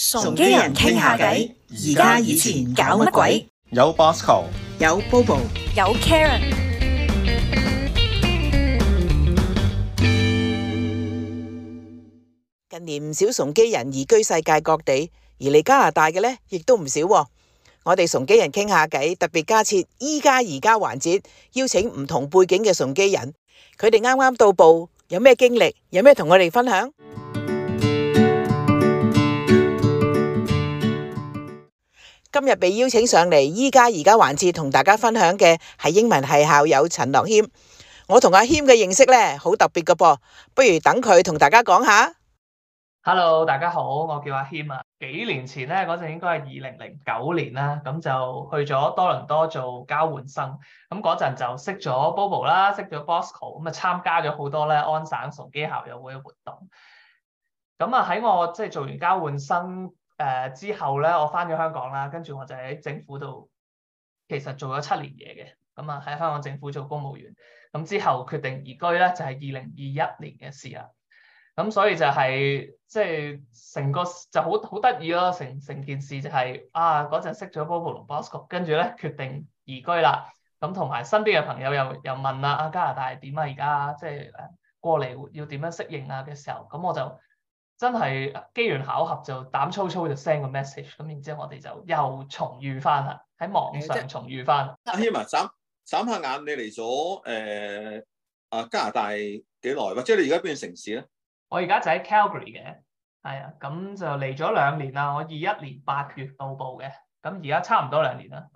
崇基人傾吓偈，而家以前搞乜鬼？有 Bosco，有 Bobo，有 Karen。近年唔少崇基人移居世界各地，而嚟加拿大嘅呢亦都唔少啊。我哋崇基人傾吓偈，特別加設依家移加環節，邀請唔同背景嘅崇基人，佢哋啱啱到埗，有咩經歷，有咩同我哋分享？今日被邀請上嚟，依家而家環節同大家分享嘅係英文系校友陳樂謙。我同阿謙嘅認識咧，好特別嘅噃。不如等佢同大家講下。Hello，大家好，我叫阿謙啊。幾年前咧，嗰陣應該係二零零九年啦，咁就去咗多倫多做交換生。咁嗰陣就識咗 Bobo 啦，識咗 Bosco，咁啊參加咗好多咧安省崇基校友會嘅活動。咁啊喺我即係、就是、做完交換生。誒、呃、之後咧，我翻咗香港啦，跟住我就喺政府度，其實做咗七年嘢嘅，咁啊喺香港政府做公務員。咁、嗯、之後決定移居咧，就係二零二一年嘅事啦。咁、嗯、所以就係即係成個就好好得意咯，成成件事就係、是、啊嗰陣識咗 Bobo 同 Bosco 跟住咧決定移居啦。咁同埋身邊嘅朋友又又問啦，啊加拿大點啊？而家即係誒過嚟要點樣適應啊嘅時候，咁、嗯、我就。真係機緣巧合就膽粗粗就 send 個 message，咁然之後我哋就又重遇翻啦，喺網上重遇翻。阿希文，眨眨下眼，你嚟咗誒啊加拿大幾耐？即係你而家邊城市咧？我而家就喺 Calgary 嘅，係啊，咁就嚟咗兩年啦。我二一年八月到埗嘅，咁而家差唔多兩年啦。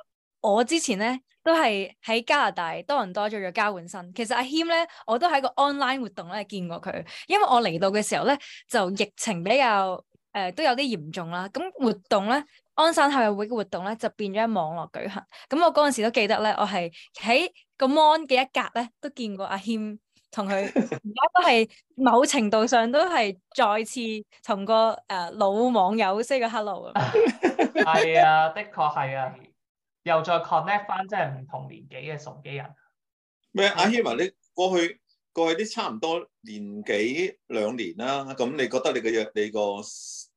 我之前咧都係喺加拿大多倫多做咗交換生，其實阿謙咧我都喺個 online 活動咧見過佢，因為我嚟到嘅時候咧就疫情比較誒、呃、都有啲嚴重啦，咁活動咧安省校友會嘅活動咧就變咗喺網絡舉行，咁我嗰陣時都記得咧我係喺個 mon 嘅一格咧都見過阿謙同佢，而家 都係某程度上都係再次同個誒、呃、老網友 say 個 hello 啊，係啊的確係啊。又再 connect 翻，即係唔同年紀嘅崇基人。咩啊？阿希文，啊、你過去過去啲差唔多年紀兩年啦，咁你覺得你嘅你個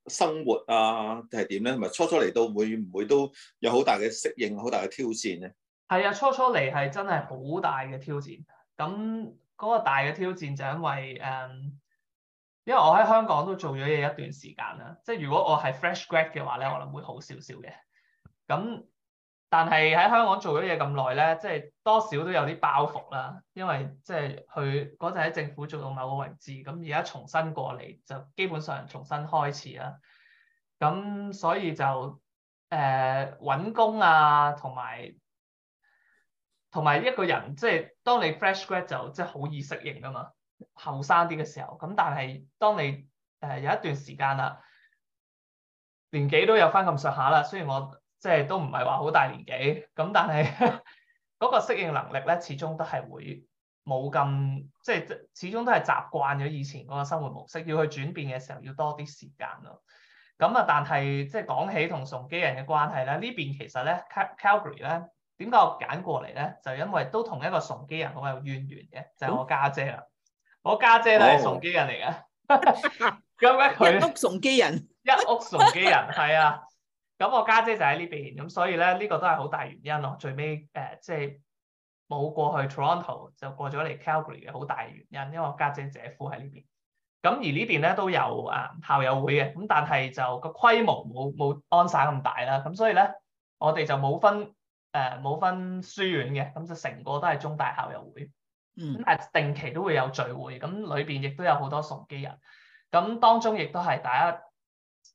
生活啊，係點咧？同埋初初嚟到會唔會都有好大嘅適應，好大嘅挑戰咧？係啊，初初嚟係真係好大嘅挑戰。咁嗰、那個大嘅挑戰就因為誒、嗯，因為我喺香港都做咗嘢一段時間啦。即係如果我係 fresh grad 嘅話咧，可能會好少少嘅。咁但係喺香港做咗嘢咁耐咧，即係多少都有啲包袱啦。因為即係佢嗰陣喺政府做到某個位置，咁而家重新過嚟就基本上重新開始啦。咁所以就誒搵、呃、工啊，同埋同埋一個人，即係當你 fresh grad 就即係好易適應㗎嘛，後生啲嘅時候。咁但係當你誒、呃、有一段時間啦，年紀都有返咁上下啦，雖然我。即係都唔係話好大年紀，咁但係嗰、嗰個適應能力咧，始終都係會冇咁，即係始終都係習慣咗以前嗰個生活模式，要去轉變嘅時候要多啲時間咯。咁啊，但係即係講起同崇基人嘅關係咧，呢邊其實咧 Calgary 咧，點解我揀過嚟咧？就因為都同一個崇基人好有淵源嘅，就係、我家姐啦，嗯、我家姐係崇基人嚟嘅，咁咧佢一屋崇基人，一屋崇基人係啊。 咁我家姐，姐就喺呢邊，咁所以咧呢、這個都係好大原因咯。最尾誒、呃、即係冇過去 Toronto，就過咗嚟 Calgary 嘅好大原因，因為我家姐，姐姐夫喺呢邊。咁而呢邊咧都有啊、呃、校友會嘅，咁但係就、這個規模冇冇安省咁大啦。咁所以咧，我哋就冇分誒冇、呃、分書院嘅，咁就成個都係中大校友會。咁、嗯、但定期都會有聚會，咁裏邊亦都有好多崇基人，咁當中亦都係大家。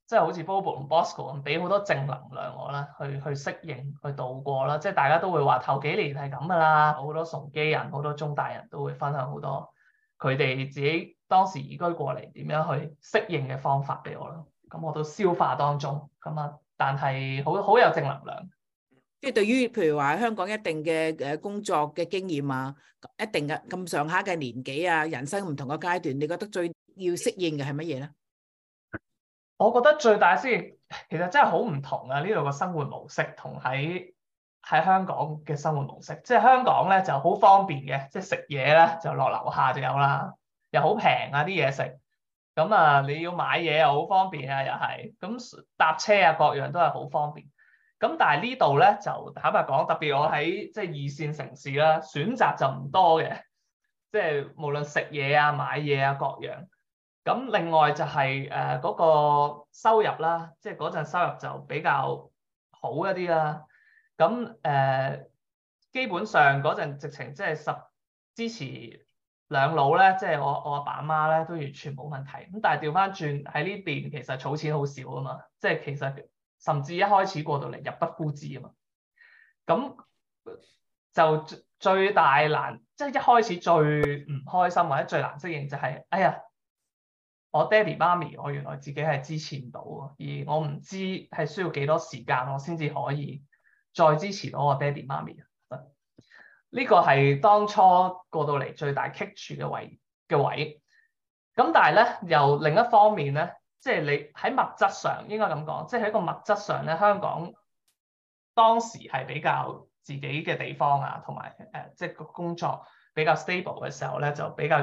即係好似 Bobo 同 Bosco 咁，俾好多正能量我啦，去去適應，去度過啦。即係大家都會話頭幾年係咁噶啦，好多崇基人，好多中大人都會分享好多佢哋自己當時移居過嚟，點樣去適應嘅方法俾我咯。咁、嗯、我都消化當中咁啊，但係好好有正能量。即係對於譬如話香港一定嘅誒工作嘅經驗啊，一定嘅咁上下嘅年紀啊，人生唔同嘅階段，你覺得最要適應嘅係乜嘢咧？我覺得最大先，其實真係好唔同啊！呢度個生活模式同喺喺香港嘅生活模式，即係香港咧就好方便嘅，即係食嘢咧就落樓下就有啦，又好平啊啲嘢食。咁啊，你要買嘢又好方便啊，又係咁搭車啊，各樣都係好方便。咁但係呢度咧就坦白講，特別我喺即係二線城市啦，選擇就唔多嘅，即係無論食嘢啊、買嘢啊各樣。咁另外就係誒嗰個收入啦，即係嗰陣收入就比較好一啲啦。咁誒、呃、基本上嗰陣直情即係十支持兩老咧，即係我我阿爸阿媽咧都完全冇問題。咁但係調翻轉喺呢邊，其實儲錢好少啊嘛，即係其實甚至一開始過到嚟入不敷支啊嘛。咁就最大難即係、就是、一開始最唔開心或者最難適應就係、是，哎呀～我爹哋媽咪，我原來自己係支持唔到，而我唔知係需要幾多時間，我先至可以再支持到我爹哋媽咪。呢、嗯這個係當初過到嚟最大棘住嘅位嘅位。咁、嗯、但係咧，由另一方面咧，即係你喺物質上應該咁講，即係喺個物質上咧，香港當時係比較自己嘅地方啊，同埋誒，即係個工作比較 stable 嘅時候咧，就比較。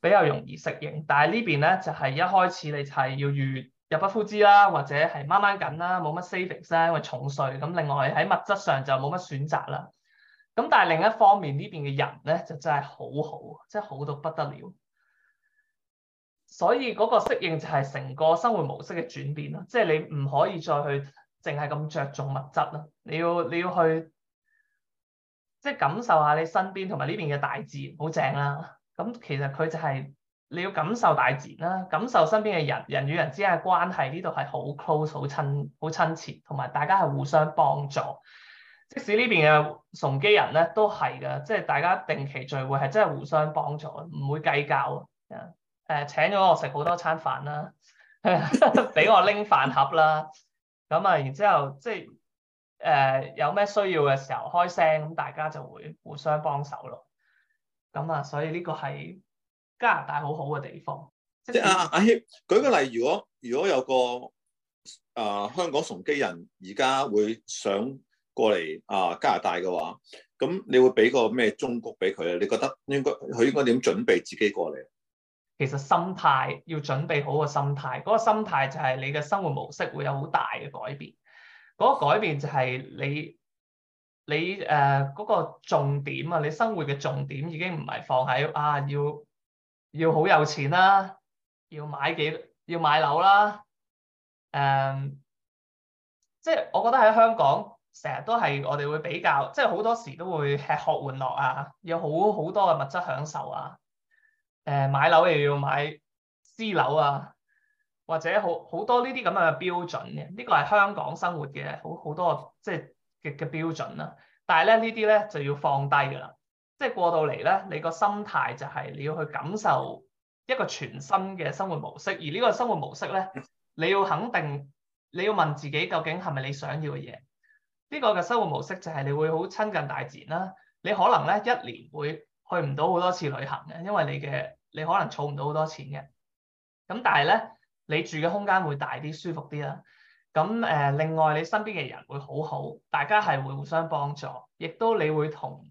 比較容易適應，但係呢邊咧就係一開始你就係要預入不敷支啦，或者係掹掹緊啦，冇乜 savings，因為重稅。咁另外喺物質上就冇乜選擇啦。咁但係另一方面呢邊嘅人咧就真係好好，真係好到不得了。所以嗰個適應就係成個生活模式嘅轉變啦，即係你唔可以再去淨係咁着重物質啦，你要你要去即係感受下你身邊同埋呢邊嘅大自然，好正啦～咁其實佢就係、是、你要感受大自然啦，感受身邊嘅人，人與人之間嘅關係，呢度係好 close、好親、好親切，同埋大家係互相幫助。即使呢邊嘅崇基人咧都係噶，即係大家定期聚會係真係互相幫助，唔會計較啊。誒、呃、請咗我食好多餐飯啦，俾 我拎飯盒啦，咁啊，然之後即係誒、呃、有咩需要嘅時候開聲，咁大家就會互相幫手咯。咁啊，所以呢個係加拿大好好嘅地方。即阿、啊、阿希舉個例，如果如果有個啊、呃、香港崇基人而家會想過嚟啊、呃、加拿大嘅話，咁你會俾個咩忠告俾佢啊？你覺得應該佢應該點準備自己過嚟？其實心態要準備好個心態，嗰、那個心態就係你嘅生活模式會有好大嘅改變。嗰、那個改變就係你。你誒嗰、呃那個重點啊，你生活嘅重點已經唔係放喺啊，要要好有錢啦、啊，要買幾要買樓啦、啊，誒、嗯，即、就、係、是、我覺得喺香港成日都係我哋會比較，即係好多時都會吃喝玩樂啊，有好好多嘅物質享受啊，誒、呃、買樓又要買私樓啊，或者好好多呢啲咁嘅標準嘅，呢個係香港生活嘅，好好多即係。就是嘅嘅標準啦，但係咧呢啲咧就要放低噶啦，即係過到嚟咧，你個心態就係你要去感受一個全新嘅生活模式，而呢個生活模式咧，你要肯定你要問自己究竟係咪你想要嘅嘢？呢個嘅生活模式就係你會好親近大自然啦，你可能咧一年會去唔到好多次旅行嘅，因為你嘅你可能儲唔到好多錢嘅，咁但係咧你住嘅空間會大啲舒服啲啦。咁誒，另外你身邊嘅人會好好，大家係會互相幫助，亦都你會同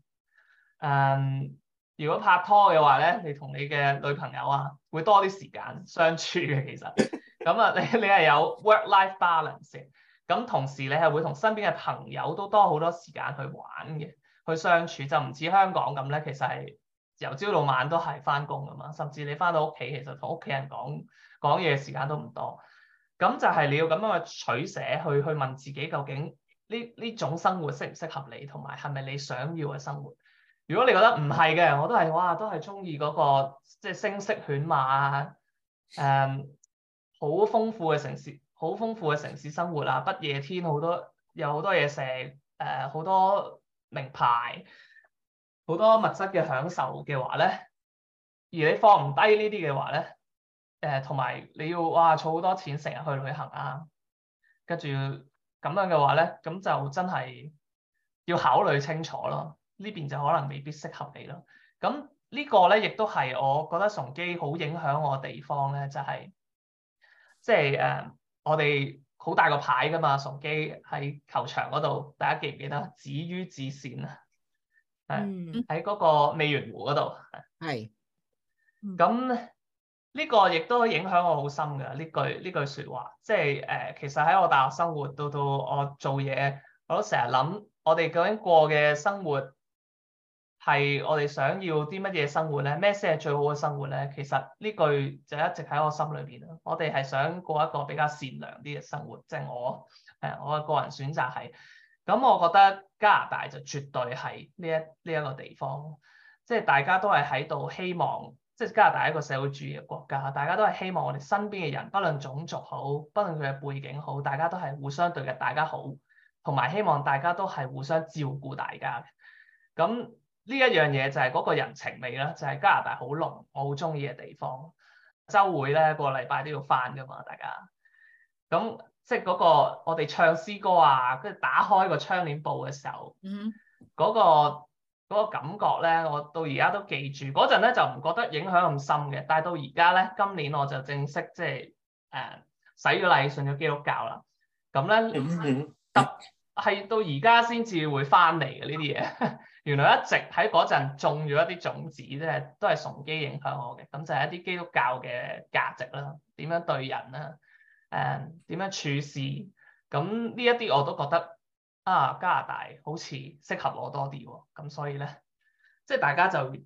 誒、嗯，如果拍拖嘅話咧，你同你嘅女朋友啊，會多啲時間相處嘅其實。咁啊， 你你係有 work-life balance，咁同時你係會同身邊嘅朋友都多好多時間去玩嘅，去相處，就唔似香港咁咧，其實係由朝到晚都係翻工㗎嘛，甚至你翻到屋企，其實同屋企人講講嘢時間都唔多。咁就係你要咁樣嘅取捨，去去問自己究竟呢呢種生活適唔適合你，同埋係咪你想要嘅生活？如果你覺得唔係嘅，我都係，哇，都係中意嗰個即係聲色犬馬啊，誒、嗯，好豐富嘅城市，好豐富嘅城市生活啊，不夜天好多，有好多嘢食，誒、呃，好多名牌，好多物質嘅享受嘅話咧，而你放唔低呢啲嘅話咧，誒，同埋、呃、你要哇，儲好多錢，成日去旅行啊，跟住咁樣嘅話咧，咁就真係要考慮清楚咯。呢邊就可能未必適合你咯。咁呢個咧，亦都係我覺得崇基好影響我嘅地方咧，就係即係誒，我哋好大個牌噶嘛，崇基喺球場嗰度，大家記唔記得？止於至善啊，係喺嗰個未圓湖嗰度，係咁是。呢個亦都影響我好深㗎，呢句呢句説話，即係誒、呃，其實喺我大學生活到到我做嘢，我都成日諗，我哋究竟過嘅生活係我哋想要啲乜嘢生活咧？咩先係最好嘅生活咧？其實呢句就一直喺我心裏邊啦。我哋係想過一個比較善良啲嘅生活，即係我誒、呃、我嘅個人選擇係。咁我覺得加拿大就絕對係呢一呢一個地方，即係大家都係喺度希望。即係加拿大一個社會主義嘅國家，大家都係希望我哋身邊嘅人，不論種族好，不論佢嘅背景好，大家都係互相對嘅大家好，同埋希望大家都係互相照顧大家嘅。咁呢一樣嘢就係嗰個人情味啦，就係、是、加拿大好濃，我好鍾意嘅地方。週會咧，個禮拜都要返㗎嘛，大家。咁即係嗰、那個我哋唱詩歌啊，跟住打開個窗簾布嘅時候，嗯、mm，嗰、hmm. 那個。嗰個感覺咧，我到而家都記住。嗰陣咧就唔覺得影響咁深嘅，但係到而家咧，今年我就正式即係誒洗咗禮，信咗基督教啦。咁咧，係 到而家先至會翻嚟嘅呢啲嘢。原來一直喺嗰陣種咗一啲種子，即係都係崇基影響我嘅。咁就係一啲基督教嘅價值啦，點樣對人啦，誒、嗯、點樣處事。咁呢一啲我都覺得。啊，加拿大好似適合我多啲，咁所以咧，即係大家就誒、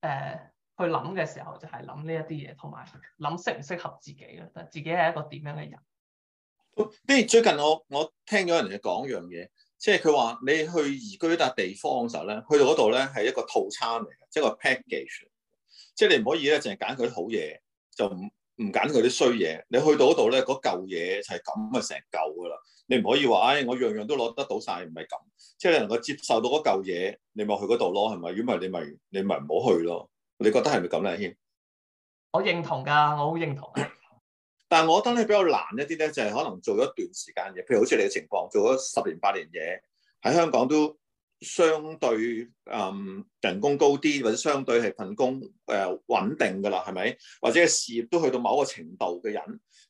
呃、去諗嘅時候就，就係諗呢一啲嘢，同埋諗適唔適合自己咯，即自己係一個點樣嘅人。如最近我我聽咗人哋講樣嘢，即係佢話你去移居一笪地方嘅時候咧，去到嗰度咧係一個套餐嚟嘅，即係個 package，即係你唔可以咧淨係揀佢好嘢，就唔。唔揀佢啲衰嘢，你去到嗰度咧，嗰嚿嘢就係咁啊，成舊噶啦。你唔可以話，哎，我樣樣都攞得到晒，唔係咁。即係你能夠接受到嗰嚿嘢，你咪去嗰度咯，係咪？如果唔係，你咪你咪唔好去咯。你覺得係咪咁咧，阿謙？我認同㗎，我好認同。 但係我覺得你比較難一啲咧，就係、是、可能做咗一段時間嘢，譬如好似你嘅情況，做咗十年八年嘢喺香港都。相對誒、嗯、人工高啲，或者相對係份工誒穩、呃、定噶啦，係咪？或者事業都去到某個程度嘅人，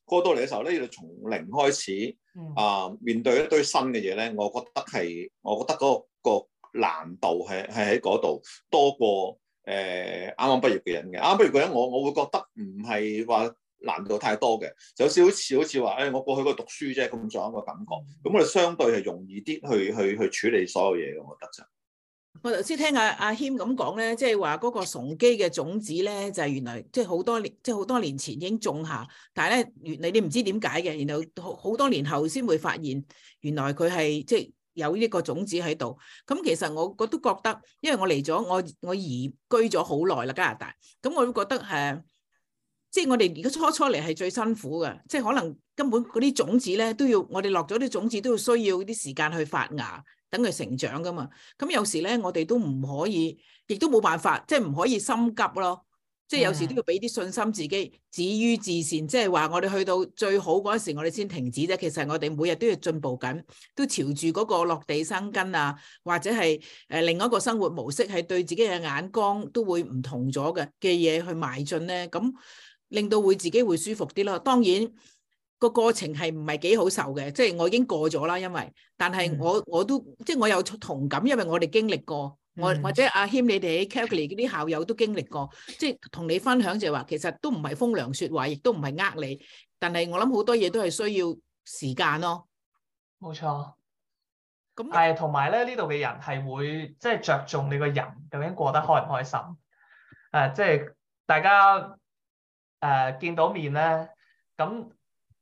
過到嚟嘅時候咧，要從零開始啊、呃，面對一堆新嘅嘢咧，我覺得係，我覺得嗰、嗰個、嗰個難度係係喺嗰度多過誒啱啱畢業嘅人嘅，啱啱畢業嘅人我我會覺得唔係話。難度太多嘅，有少少似好似話，誒、哎，我過去嗰讀書啫咁樣一個感覺，咁我哋相對係容易啲去去去處理所有嘢嘅。我覺得我就。我頭先聽阿阿謙咁講咧，即係話嗰個崇基嘅種子咧，就係、是、原來即係好多年，即係好多年前已經種下，但係咧，原來你你唔知點解嘅，然後好多年後先會發現，原來佢係即係有呢個種子喺度。咁其實我我都覺得，因為我嚟咗我我移居咗好耐啦加拿大，咁我都覺得誒。啊即係我哋而家初初嚟係最辛苦嘅，即係可能根本嗰啲種子咧都要，我哋落咗啲種子都要需要啲時間去發芽，等佢成長噶嘛。咁有時咧，我哋都唔可以，亦都冇辦法，即係唔可以心急咯。即係有時都要俾啲信心自己，止於至善。即係話我哋去到最好嗰陣時，我哋先停止啫。其實我哋每日都要進步緊，都朝住嗰個落地生根啊，或者係誒另一個生活模式，係對自己嘅眼光都會唔同咗嘅嘅嘢去邁進咧。咁令到會自己會舒服啲咯，當然、這個過程係唔係幾好受嘅，即係我已經過咗啦。因為，但係我我都即係我有同感，因為我哋經歷過，或、嗯、或者阿謙你哋喺 Kelley 嗰啲校友都經歷過，即係同你分享就係話，其實都唔係風涼說話，亦都唔係呃你。但係我諗好多嘢都係需要時間咯。冇錯錯。咁誒你，同埋咧呢度嘅人係會即係着重你個人究竟過得開唔開心？誒、啊，即係大家。誒、呃、見到面咧，咁、嗯、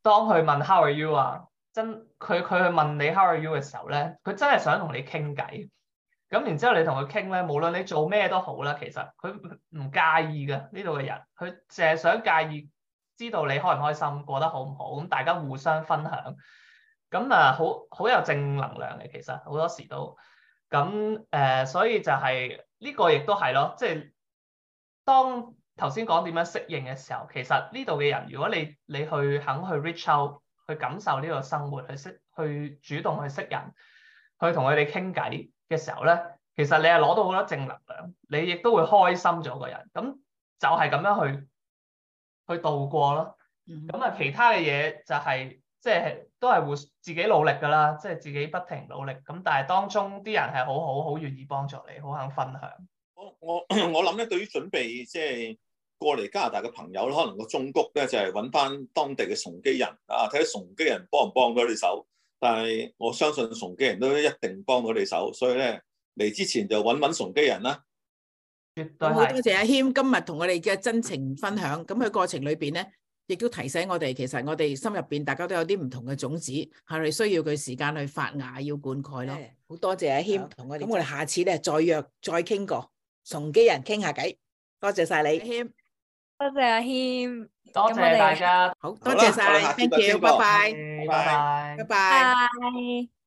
當佢問 How are you 啊，真佢佢去問你 How are you 嘅時候咧，佢真係想同你傾偈。咁然之後你同佢傾咧，無論你做咩都好啦，其實佢唔介意嘅，呢度嘅人，佢淨係想介意知道你開唔開心，過得好唔好，咁大家互相分享。咁、嗯、啊，好好有正能量嘅，其實好多時都。咁、嗯、誒、呃，所以就係、是、呢、這個亦都係咯，即、就、係、是、當。頭先講點樣適應嘅時候，其實呢度嘅人，如果你你去肯去 reach out，去感受呢個生活，去識去主動去識人，去同佢哋傾偈嘅時候咧，其實你係攞到好多正能量，你亦都會開心咗個人。咁就係咁樣去去度過咯。咁啊、嗯，其他嘅嘢就係即係都係會自己努力㗎啦，即係自己不停努力。咁但係當中啲人係好好，好願意幫助你，好肯分享。我我諗咧，對於準備即係過嚟加拿大嘅朋友咧，可能個中谷咧就係揾翻當地嘅崇基人啊，睇下崇基人幫唔幫到你手。但係我相信崇基人都一定幫到你手，所以咧嚟之前就揾揾崇基人啦。絕對係。好多謝阿謙今日同我哋嘅真情分享。咁喺過程裏邊咧，亦都提醒我哋，其實我哋心入邊大家都有啲唔同嘅種子，係咪需要佢時間去發芽，要灌溉咯。好多的謝阿謙同好我哋。咁我哋下次咧再約再傾過。崇基人傾吓偈，多謝晒你，阿謙，多謝阿謙，多謝大家，好多謝晒，thank you，拜拜，拜拜，拜拜。